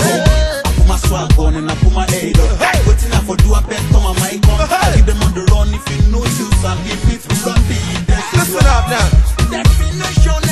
I put my swag on and I put my head up Waiting I for do a best on my mic on I give them on the run if you know you give me through something. beat Listen up now Destination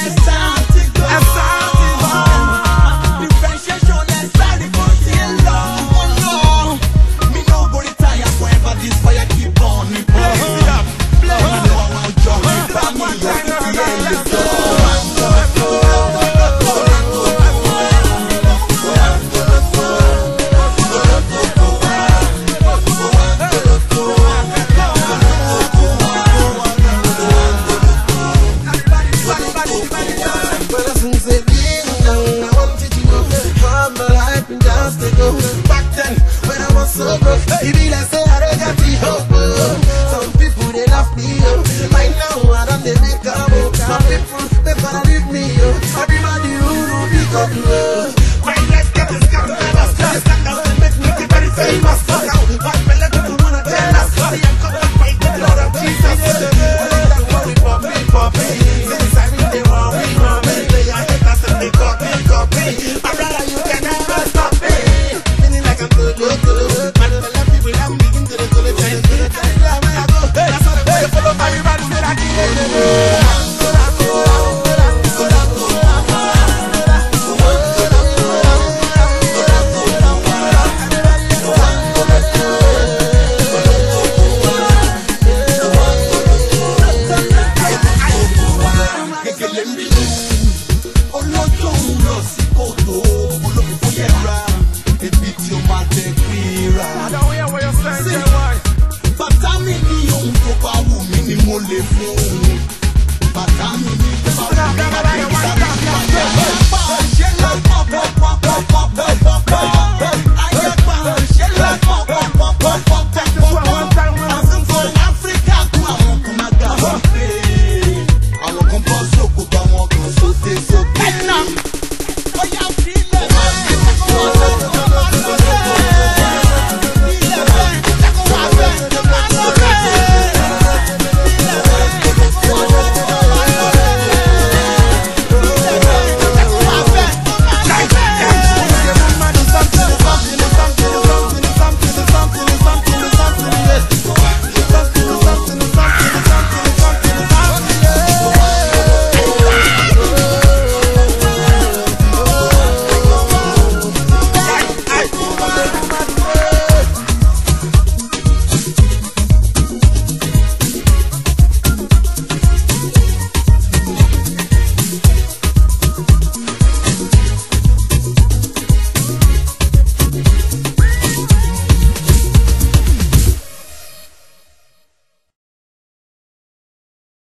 so broke. It be like say I don't get the hope. Some people they love me. Oh. Right now I don't they make up. Oh. Some people they gonna leave me. Oh. who do my the Uru because. mo lè fún un bàtà mi ní bàbá